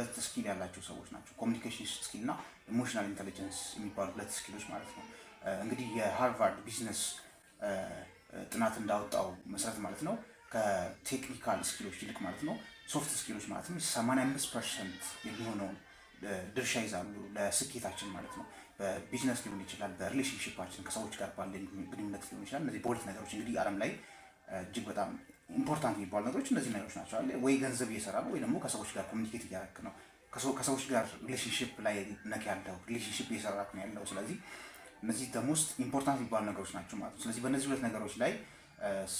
ሁለት ስኪል ያላቸው ሰዎች ናቸው። ኮሚኒኬሽን ስኪል እና ኢሞሽናል ኢንቴሊጀንስ የሚባሉ ሁለት ስኪሎች ማለት ነው። እንግዲህ የሃርቫርድ ቢዝነስ ጥናት እንዳወጣው መሰረት ማለት ነው ከቴክኒካል ስኪሎች ይልቅ ማለት ነው ሶፍት ስኪሎች ማለት ነው 85 ፐርሰንት የሚሆነውን ድርሻ ይዛሉ ለስኬታችን ማለት ነው። በቢዝነስ ሊሆን ይችላል፣ በሪሌሽንሽፓችን ከሰዎች ጋር ባለ ግንኙነት ሊሆን ይችላል። እነዚህ በሁለት ነገሮች እንግዲህ ዓለም ላይ እጅግ በጣም ኢምፖርታንት የሚባሉ ነገሮች እነዚህ ነገሮች ናቸው አለ ወይ ገንዘብ እየሰራ ነው ወይ ደግሞ ከሰዎች ጋር ኮሚኒኬት እያደረክ ነው ከሰዎች ጋር ሪሌሽንሽፕ ላይ ነክ ያለው ሪሌሽንሽፕ እየሰራ ነው ያለው ስለዚህ እነዚህ ደሞስት ኢምፖርታንት የሚባሉ ነገሮች ናቸው ማለት ነው ስለዚህ በእነዚህ ሁለት ነገሮች ላይ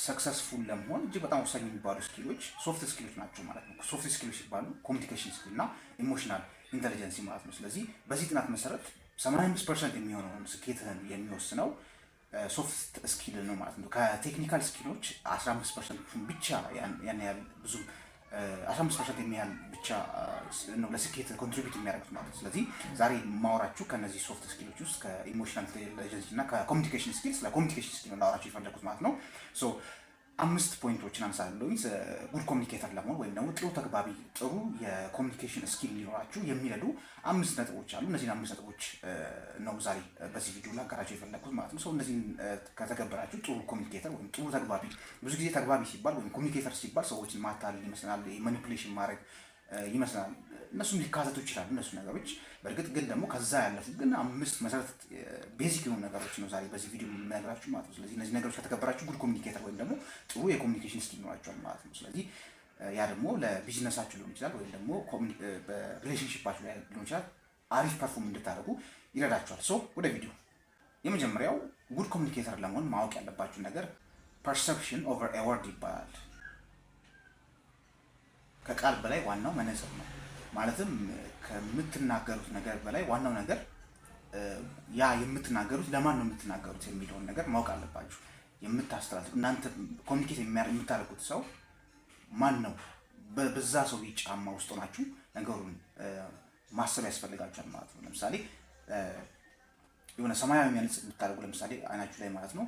ሰክሰስፉል ለመሆን እጅግ በጣም ወሳኝ የሚባሉ ስኪሎች ሶፍት ስኪሎች ናቸው ማለት ነው ሶፍት ስኪሎች ሲባሉ ኮሚኒኬሽን ስኪል እና ኢሞሽናል ኢንቴሊጀንሲ ማለት ነው ስለዚህ በዚህ ጥናት መሰረት 85 ፐርሰንት የሚሆነውን ስኬትህን የሚወስነው ሶፍት ስኪል ነው ማለት ነው። ከቴክኒካል ስኪሎች 15 ፐርሰንቱን ብቻ ያን ያህል ብዙ 15 ፐርሰንት የሚያህል ብቻ ነው ለስኬት ኮንትሪቢዩት የሚያደርጉት ማለት ነው። ስለዚህ ዛሬ ማወራችሁ ከነዚህ ሶፍት ስኪሎች ውስጥ ከኢሞሽናል ኢንቴሊጀንስ እና ከኮሚኒኬሽን ስኪል ስለ ኮሚኒኬሽን ስኪል ላወራችሁ የፈለኩት ማለት ነው። አምስት ፖይንቶችን አንሳለሁኝ ጉድ ኮሚኒኬተር ለመሆን ወይም ደግሞ ጥሩ ተግባቢ ጥሩ የኮሚኒኬሽን ስኪል ሊኖራችሁ የሚረዱ አምስት ነጥቦች አሉ። እነዚህን አምስት ነጥቦች ነው ዛሬ በዚህ ቪዲዮ ላይ አጋራቸው የፈለግኩት ማለት ነው። ሰው እነዚህን ከተገበራችሁ ጥሩ ኮሚኒኬተር ወይም ጥሩ ተግባቢ። ብዙ ጊዜ ተግባቢ ሲባል ወይም ኮሚኒኬተር ሲባል ሰዎችን ማታለል ይመስላል፣ ማኒፕሌሽን ማድረግ ይመስላል። እነሱም ሊካተቱ ይችላሉ። እነሱ ነገሮች በእርግጥ ግን ደግሞ ከዛ ያለፉት ግን አምስት መሰረት ቤዚክ የሆኑ ነገሮች ነው ዛሬ በዚህ ቪዲዮ የምነግራችሁ ማለት ነው። ስለዚህ እነዚህ ነገሮች ከተገበራችሁ ጉድ ኮሚኒኬተር ወይም ደግሞ ጥሩ የኮሚኒኬሽን ስኪል ይኖራቸዋል ማለት ነው። ስለዚህ ያ ደግሞ ለቢዝነሳችሁ ሊሆን ይችላል ወይም ደግሞ በሪሌሽንሽፓችሁ ላይ ሊሆን ይችላል አሪፍ ፐርፎርም እንድታደርጉ ይረዳችኋል። ሶ ወደ ቪዲዮ የመጀመሪያው ጉድ ኮሚኒኬተር ለመሆን ማወቅ ያለባችሁ ነገር ፐርሰፕሽን ኦቨር ኤወርድ ይባላል። ከቃል በላይ ዋናው መነጽር ነው። ማለትም ከምትናገሩት ነገር በላይ ዋናው ነገር ያ የምትናገሩት ለማን ነው የምትናገሩት የሚለውን ነገር ማወቅ አለባችሁ። የምታስተላልፉት እናንተ ኮሚኒኬት የምታደርጉት ሰው ማን ነው? በዛ ሰው ጫማ ውስጥ ሆናችሁ ነገሩን ማሰብ ያስፈልጋችኋል ማለት ነው። ለምሳሌ የሆነ ሰማያዊ መነጽ የምታደርጉ ለምሳሌ አይናችሁ ላይ ማለት ነው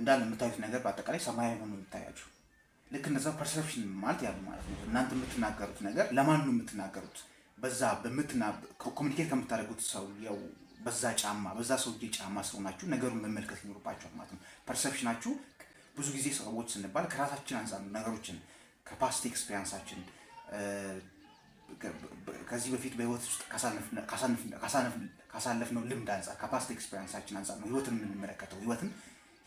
እንዳለ የምታዩት ነገር በአጠቃላይ ሰማያዊ ሆኖ የምታያችሁ ልክ እንደዛ ፐርሰፕሽን ማለት ያሉ ማለት ነው። እናንተ የምትናገሩት ነገር ለማን ነው የምትናገሩት? በዛ ኮሚኒኬት ከምታደርጉት ሰው ያው በዛ ጫማ በዛ ሰው ጫማ ሰው ናችሁ፣ ነገሩን መመልከት ይኖርባችኋል ማለት ነው። ፐርሰፕሽናችሁ ብዙ ጊዜ ሰዎች ስንባል ከራሳችን አንጻር ነገሮችን ከፓስት ኤክስፔሪንሳችን ከዚህ በፊት በህይወት ውስጥ ካሳለፍነው ልምድ አንጻር ከፓስት ኤክስፔሪንሳችን አንጻር ነው ህይወትን የምንመለከተው ህይወትን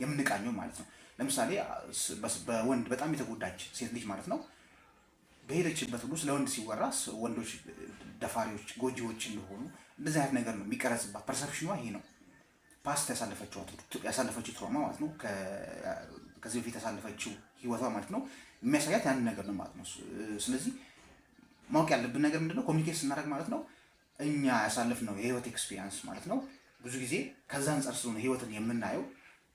የምንቃኘው ማለት ነው። ለምሳሌ በወንድ በጣም የተጎዳች ሴት ልጅ ማለት ነው በሄደችበት ሁሉ ስለ ወንድ ሲወራ ወንዶች ደፋሪዎች፣ ጎጂዎች እንደሆኑ እንደዚህ አይነት ነገር ነው የሚቀረጽባት። ፐርሰፕሽኗ ይሄ ነው። ፓስት ያሳለፈችው ትሮማ ማለት ነው ከዚህ በፊት ያሳለፈችው ህይወቷ ማለት ነው የሚያሳያት ያንን ነገር ነው ማለት ነው። ስለዚህ ማወቅ ያለብን ነገር ምንድነው ኮሚኒኬት ስናደርግ ማለት ነው እኛ ያሳለፍነው የህይወት ኤክስፒሪያንስ ማለት ነው ብዙ ጊዜ ከዛ አንጻር ስለሆነ ህይወትን የምናየው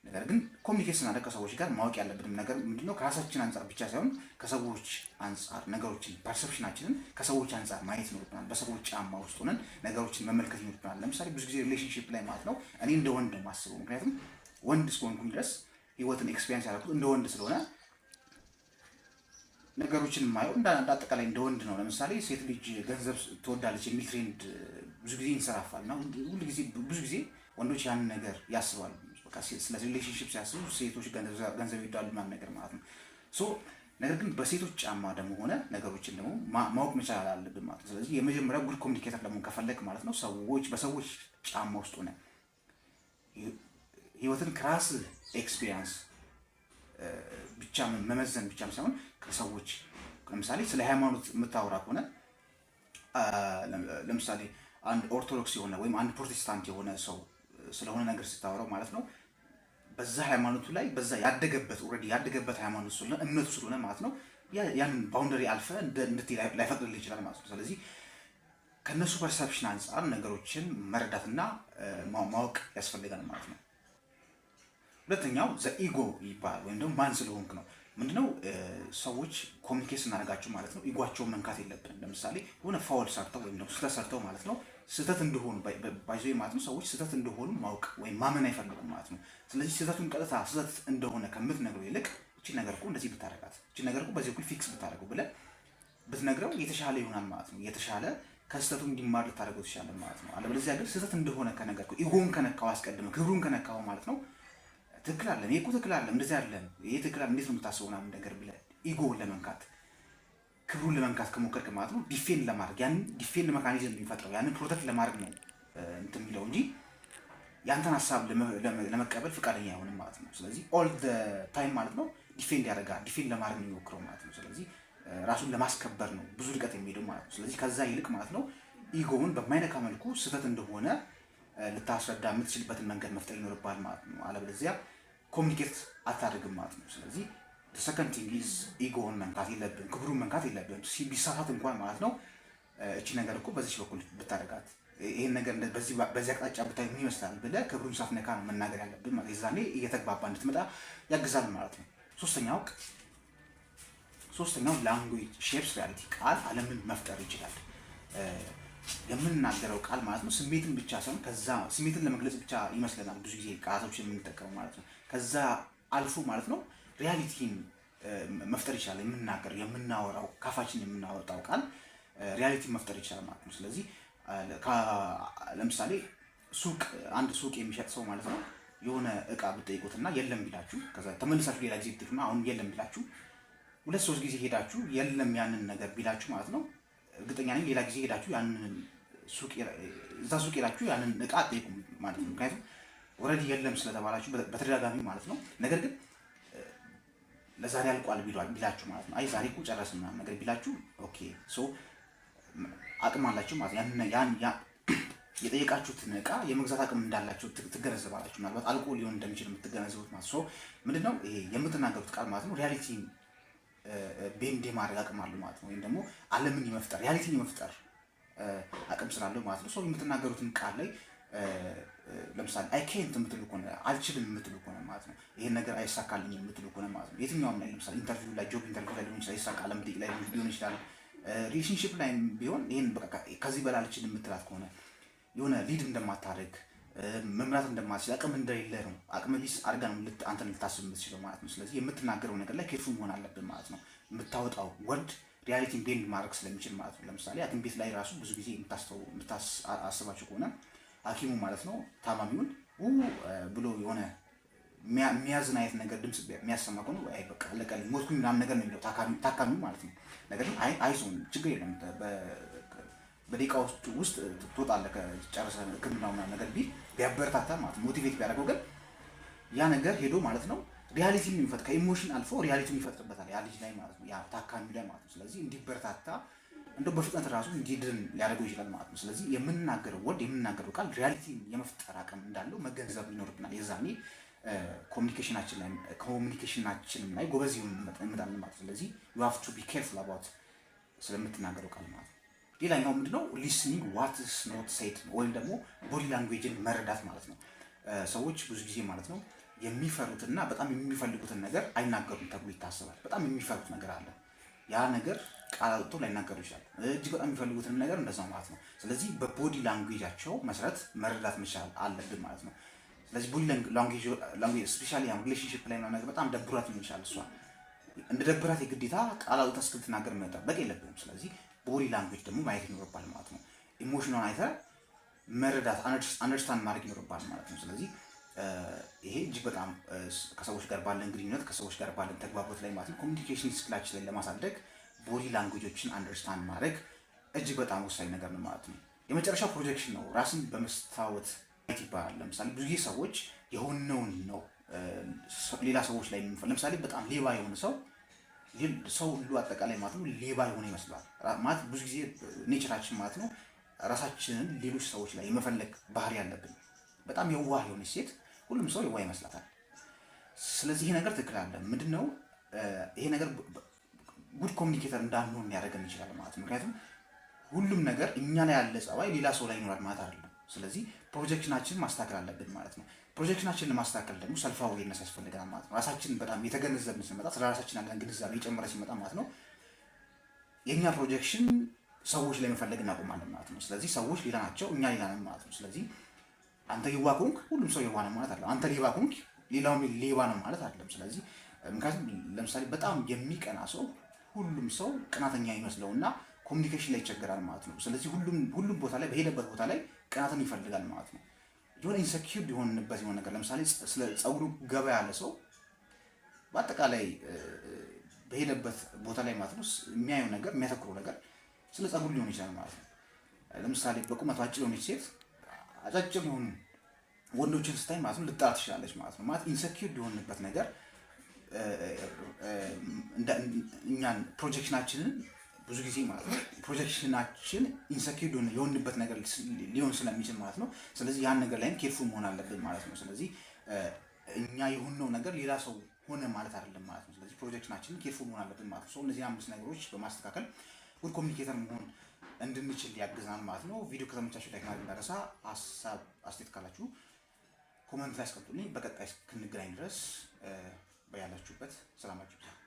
ነገር ግን ኮሚኒኬት ስናደርግ ከሰዎች ጋር ማወቅ ያለብንም ነገር ምንድነው ከራሳችን አንጻር ብቻ ሳይሆን ከሰዎች አንጻር ነገሮችን ፐርሰፕሽናችንን ከሰዎች አንጻር ማየት ይኖርብናል። በሰዎች ጫማ ውስጥ ሆነን ነገሮችን መመልከት ይኖርብናል። ለምሳሌ ብዙ ጊዜ ሪሌሽንሽፕ ላይ ማለት ነው እኔ እንደ ወንድ ነው የማስበው። ምክንያቱም ወንድ እስከሆንኩኝ ድረስ ህይወትን ኤክስፔሪንስ ያደረኩት እንደ ወንድ ስለሆነ ነገሮችን የማየው እንዳጠቃላይ እንደ ወንድ ነው። ለምሳሌ ሴት ልጅ ገንዘብ ትወዳለች የሚል ትሬንድ ብዙ ጊዜ ይንሰራፋል እና ጊዜ ብዙ ጊዜ ወንዶች ያንን ነገር ያስባሉ። ስለ ሪሌሽንሽፕ ሲያስቡ ሴቶች ገንዘብ ይዳሉ ምናምን ነገር ማለት ነው። ሶ ነገር ግን በሴቶች ጫማ ደግሞ ሆነ ነገሮችን ደግሞ ማወቅ መቻል አለብን ማለት ነው። ስለዚህ የመጀመሪያ ጉድ ኮሚኒኬተር ደግሞ ከፈለግ ማለት ነው ሰዎች በሰዎች ጫማ ውስጥ ሆነ ህይወትን ከራስ ኤክስፒሪያንስ ብቻ መመዘን ብቻ ሳይሆን ከሰዎች ለምሳሌ ስለ ሃይማኖት የምታወራ ከሆነ ለምሳሌ አንድ ኦርቶዶክስ የሆነ ወይም አንድ ፕሮቴስታንት የሆነ ሰው ስለሆነ ነገር ስታወራው ማለት ነው በዛ ሃይማኖቱ ላይ በዛ ያደገበት ኦልሬዲ ያደገበት ሃይማኖት ስለሆነ እምነቱ ስለሆነ ማለት ነው ያንን ባውንደሪ አልፈ እንድትሄድ ላይፈቅድልህ ይችላል ማለት ነው። ስለዚህ ከእነሱ ፐርሰፕሽን አንጻር ነገሮችን መረዳትና ማወቅ ያስፈልጋል ማለት ነው። ሁለተኛው ዘኢጎ ይባላል ወይም ደግሞ ማን ስለሆንክ ነው። ምንድነው ሰዎች ኮሚኒኬት ስናደርጋቸው ማለት ነው ኢጓቸውን መንካት የለብንም። ለምሳሌ የሆነ ፋውል ሰርተው ወይም ደግሞ ስተሰርተው ማለት ነው ስህተት እንደሆኑ ባይዞ ማለት ነው። ሰዎች ስህተት እንደሆኑ ማወቅ ወይም ማመን አይፈልጉም ማለት ነው። ስለዚህ ስህተቱን ቀጥታ ስህተት እንደሆነ ከምትነግረው ይልቅ እቺ ነገር እኮ እንደዚህ ብታረጋት፣ እቺ ነገር እኮ በዚህ ፊክስ ብታረገው ብለህ ብትነግረው የተሻለ ይሆናል ማለት ነው። የተሻለ ከስህተቱ እንዲማር ልታደርገው ትሻለ ማለት ነው። አለበለዚያ ግን ስህተት እንደሆነ ከነገርከው፣ ኢጎን ከነካው፣ አስቀድመ ክብሩን ከነካው ማለት ነው ትክክል አለም፣ ይሄ እኮ ትክክል አለም፣ እንደዚህ አለም፣ ይሄ ትክክል አለም፣ እንዴት ነው የምታስበው ምናምን ነገር ብለህ ኢጎ ለመንካት ክብሩን ለመንካት ከሞከርክ ማለት ነው ዲፌንድ ለማድረግ ያን ዲፌንድ መካኒዝም የሚፈጥረው ያንን ፕሮቴክት ለማድረግ ነው እንትን የሚለው እንጂ ያንተን ሀሳብ ለመቀበል ፈቃደኛ አይሆንም ማለት ነው። ስለዚህ ኦል ታይም ማለት ነው ዲፌንድ ያደርጋል፣ ዲፌንድ ለማድረግ ነው የሚሞክረው ማለት ነው። ስለዚህ ራሱን ለማስከበር ነው ብዙ ርቀት የሚሄደው ማለት ነው። ስለዚህ ከዛ ይልቅ ማለት ነው ኢጎውን በማይነካ መልኩ ስህተት እንደሆነ ልታስረዳ የምትችልበትን መንገድ መፍጠር ይኖርባል ማለት ነው። አለበለዚያ ኮሚኒኬት አታደርግም ማለት ነው። ስለዚህ ሰከንድ ቲንግ ኢዝ ኢጎን መንካት የለብን፣ ክብሩን መንካት የለብን። ቢሳሳት እንኳን ማለት ነው እቺ ነገር እኮ በዚች በኩል ብታደርጋት ይህን ነገር በዚህ አቅጣጫ ብታይ ምን ይመስላል ብለህ ክብሩን ሳትነካ ነው መናገር ያለብን። ማለት የዛኔ እየተግባባ እንድትመጣ ያግዛል ማለት ነው። ሶስተኛው ሶስተኛው ላንጉዌጅ ሼፕስ ሪያሊቲ፣ ቃል ዓለምን መፍጠር ይችላል። የምንናገረው ቃል ማለት ነው ስሜትን ብቻ ሳይሆን ከዛ ስሜትን ለመግለጽ ብቻ ይመስለናል ብዙ ጊዜ ቃላቶች የምንጠቀመው ማለት ነው ከዛ አልፎ ማለት ነው ሪያሊቲን መፍጠር ይቻላል። የምናገር የምናወራው ካፋችን የምናወጣው ቃል ሪያሊቲን መፍጠር ይቻላል ማለት ነው። ስለዚህ ለምሳሌ ሱቅ አንድ ሱቅ የሚሸጥ ሰው ማለት ነው የሆነ እቃ ብጠይቁትና የለም ቢላችሁ ከዛ ተመልሳችሁ ሌላ ጊዜ ብትሄዱና አሁን የለም ቢላችሁ ሁለት ሶስት ጊዜ ሄዳችሁ የለም ያንን ነገር ቢላችሁ ማለት ነው እርግጠኛ ነኝ ሌላ ጊዜ ሄዳችሁ ያንን እዛ ሱቅ ሄዳችሁ ያንን እቃ አጠይቁም ማለት ነው። ምክንያቱም ኦልሬዲ የለም ስለተባላችሁ በተደጋጋሚ ማለት ነው። ነገር ግን ለዛሬ አልቋል ቢላችሁ ማለት ነው። አይ ዛሬ እኮ ጨረስን ምናምን ነገር ቢላችሁ ኦኬ ሶ አቅም አላችሁ ማለት ነው። ያን የጠየቃችሁትን እቃ የመግዛት አቅም እንዳላችሁ ትገነዘባላችሁ። ምናልባት አልቆ ሊሆን እንደሚችል የምትገነዘቡት ማለት ሶ ምንድነው ይሄ የምትናገሩት ቃል ማለት ነው ሪያሊቲ ቤንድ የማድረግ አቅም አለው ማለት ነው። ወይም ደግሞ አለምን የመፍጠር ሪያሊቲን የመፍጠር አቅም ስላለው ማለት ነው። ሶ የምትናገሩትን ቃል ላይ ለምሳሌ አይኬንት ኬንት የምትሉ ከሆነ አልችልም የምትሉ ከሆነ ማለት ነው፣ ይሄን ነገር አይሳካልኝ የምትሉ ከሆነ ማለት ነው። የትኛውም ላይ ለምሳሌ ኢንተርቪው ላይ ጆብ ኢንተርቪው ላይ ሊሆን ይችላል፣ ይሳካል መጠየቅ ላይ ሊሆን ይችላል። ሪሌሽንሽፕ ላይ ቢሆን ይሄን በቃ ከዚህ በላይ አልችልም የምትላት ከሆነ የሆነ ሊድ እንደማታደርግ መምራት እንደማትችል አቅም እንደሌለ ነው። አቅም ቢስ አድርጋ ነው አንተን ልታስብ የምትችለው ማለት ነው። ስለዚህ የምትናገረው ነገር ላይ ኬርፉ መሆን አለብን ማለት ነው። የምታወጣው ወርድ ሪያሊቲን ቤንድ ማድረግ ስለሚችል ማለት ነው። ለምሳሌ አትን ቤት ላይ ራሱ ብዙ ጊዜ የምታስባቸው ከሆነ ሐኪሙ ማለት ነው ታማሚውን ብሎ የሆነ የሚያዝን አይነት ነገር ድምፅ የሚያሰማ ከሆነ ለቀል ሞትኩኝ ምናምን ነገር ነው የሚለው ታካሚ ማለት ነው። ነገር ግን አይዞን ችግር የለም በደቂቃዎች ውስጥ ትወጣለህ ከጨረሰ ሕክምና ምናምን ነገር ቢል ቢያበረታታ ማለት ነው ሞቲቬት ቢያደርገው ግን ያ ነገር ሄዶ ማለት ነው ሪያሊቲ የሚፈጥ ከኢሞሽን አልፎ ሪያሊቲ ይፈጥርበታል ያ ልጅ ላይ ማለት ነው ያ ታካሚ ላይ ማለት ነው። ስለዚህ እንዲበረታታ እንደው በፍጥነት ራሱ እንዲድን ሊያደርገው ይችላል ማለት ነው። ስለዚህ የምንናገረው ወርድ የምንናገረው ቃል ሪያሊቲን የመፍጠር አቅም እንዳለው መገንዘብ ይኖርብናል። የዛኔ ኮሚኒኬሽናችንም ላይ ጎበዝ እንመጣለን ማለት ነው። ስለዚህ ዩ ሃቭ ቱ ቢ ኬርፉል አባውት ስለምትናገረው ቃል ማለት ነው። ሌላኛው ምንድነው ሊስኒንግ ዋትስ ኖት ሴት ወይም ደግሞ ቦዲ ላንጉጅን መረዳት ማለት ነው። ሰዎች ብዙ ጊዜ ማለት ነው የሚፈሩትና በጣም የሚፈልጉትን ነገር አይናገሩም ተብሎ ይታሰባል። በጣም የሚፈሩት ነገር አለ ያ ነገር ቃል አውጥቶ ላይናገሩ ይችላል። እጅግ በጣም የሚፈልጉትንም ነገር እንደዛው ማለት ነው። ስለዚህ በቦዲ ላንጉጃቸው መሰረት መረዳት መቻል አለብን ማለት ነው። ስለዚህ ቦዲ ላንጉጅ ስፔሻሊ ሪሌሽንሽፕ ላይ ነገር በጣም ደብራት ይችላል። እሷ እንደ ደብራት የግዴታ ቃል አውጥታ እስክትናገር መጠበቅ የለብንም። ስለዚህ ቦዲ ላንጉጅ ደግሞ ማየት ይኖርባል ማለት ነው። ኢሞሽኗን አይተ መረዳት አንደርስታንድ ማድረግ ይኖርባል ማለት ነው። ስለዚህ ይሄ እጅግ በጣም ከሰዎች ጋር ባለን ግንኙነት ከሰዎች ጋር ባለን ተግባቦት ላይ ማለት ነው ኮሚኒኬሽን ስኪላችን ላይ ለማሳደግ ቦዲ ላንጉጆችን አንደርስታንድ ማድረግ እጅግ በጣም ወሳኝ ነገር ነው ማለት ነው። የመጨረሻው ፕሮጀክሽን ነው፣ ራስን በመስታወት ማየት ይባላል። ለምሳሌ ብዙ ጊዜ ሰዎች የሆነውን ነው ሌላ ሰዎች ላይ የሚፈል ለምሳሌ በጣም ሌባ የሆነ ሰው ሰው ሁሉ አጠቃላይ ማለት ነው ሌባ የሆነ ይመስላል ማለት ብዙ ጊዜ ኔቸራችን ማለት ነው ራሳችንን ሌሎች ሰዎች ላይ የመፈለግ ባህሪ ያለብን። በጣም የዋህ የሆነች ሴት ሁሉም ሰው የዋህ ይመስላታል። ስለዚህ ይሄ ነገር ትክክል አለ ምንድን ነው ይሄ ነገር ጉድ ኮሚኒኬተር እንዳንሆን ሊያደርገን ይችላል ማለት ነው። ምክንያቱም ሁሉም ነገር እኛ ላይ ያለ ጸባይ ሌላ ሰው ላይ ይኖራል ማለት አይደለም። ስለዚህ ፕሮጀክሽናችንን ማስተካከል አለብን ማለት ነው። ፕሮጀክሽናችን ለማስተካከል ደግሞ ሰልፍ አዌርነስ ያስፈልገናል ማለት ነው። ራሳችን በጣም የተገነዘብን ስንመጣ ስለ ራሳችን ያለን ግንዛቤ የጨመረ ሲመጣ ማለት ነው የእኛ ፕሮጀክሽን ሰዎች ላይ መፈለግ እናቆማለን ማለት ነው። ስለዚህ ሰዎች ሌላ ናቸው፣ እኛ ሌላ ነን ማለት ነው። ስለዚህ አንተ የዋ ሁሉም ሰው የዋነ ማለት አለ። አንተ ሌባ ኮንክ ሌላውም ሌባ ነው ማለት አለም። ስለዚህ ምክንያቱም ለምሳሌ በጣም የሚቀና ሰው ሁሉም ሰው ቅናተኛ ይመስለውና ኮሚኒኬሽን ላይ ይቸገራል ማለት ነው። ስለዚህ ሁሉም ቦታ ላይ በሄደበት ቦታ ላይ ቅናትን ይፈልጋል ማለት ነው። የሆነ ኢንሰኪር ሊሆንበት የሆነ ነገር ለምሳሌ ስለ ፀጉሩ ገባ ያለ ሰው በአጠቃላይ በሄደበት ቦታ ላይ ማለት ነው የሚያየው ነገር የሚያተኩረው ነገር ስለ ፀጉር ሊሆን ይችላል ማለት ነው። ለምሳሌ በቁመቷ አጭር የሆነች ሴት አጫጭር የሆኑ ወንዶችን ስታይ ማለት ነው ትችላለች ማለት ነው። ማለት ኢንሰኪር ሊሆንበት ነገር እኛን ፕሮጀክሽናችንን ብዙ ጊዜ ማለት ነው ፕሮጀክሽናችን ኢንሰኪድ የሆንበት ነገር ሊሆን ስለሚችል ማለት ነው። ስለዚህ ያን ነገር ላይም ኬርፉል መሆን አለብን ማለት ነው። ስለዚህ እኛ የሆነው ነገር ሌላ ሰው ሆነ ማለት አይደለም ማለት ነው። ስለዚህ ፕሮጀክሽናችንን ኬርፉል መሆን አለብን ማለት ነው። እነዚህ አምስት ነገሮች በማስተካከል ጉድ ኮሚኒኬተር መሆን እንድንችል ያግዛል ማለት ነው። ቪዲዮ ከተመቻችሁ ላይክ ማድረግ እንዳረሳ፣ ሀሳብ አስተያየት ካላችሁ ኮመንት ላይ አስቀምጡልኝ። በቀጣይ እስክንገናኝ ድረስ በያላችሁበት ሰላማችሁ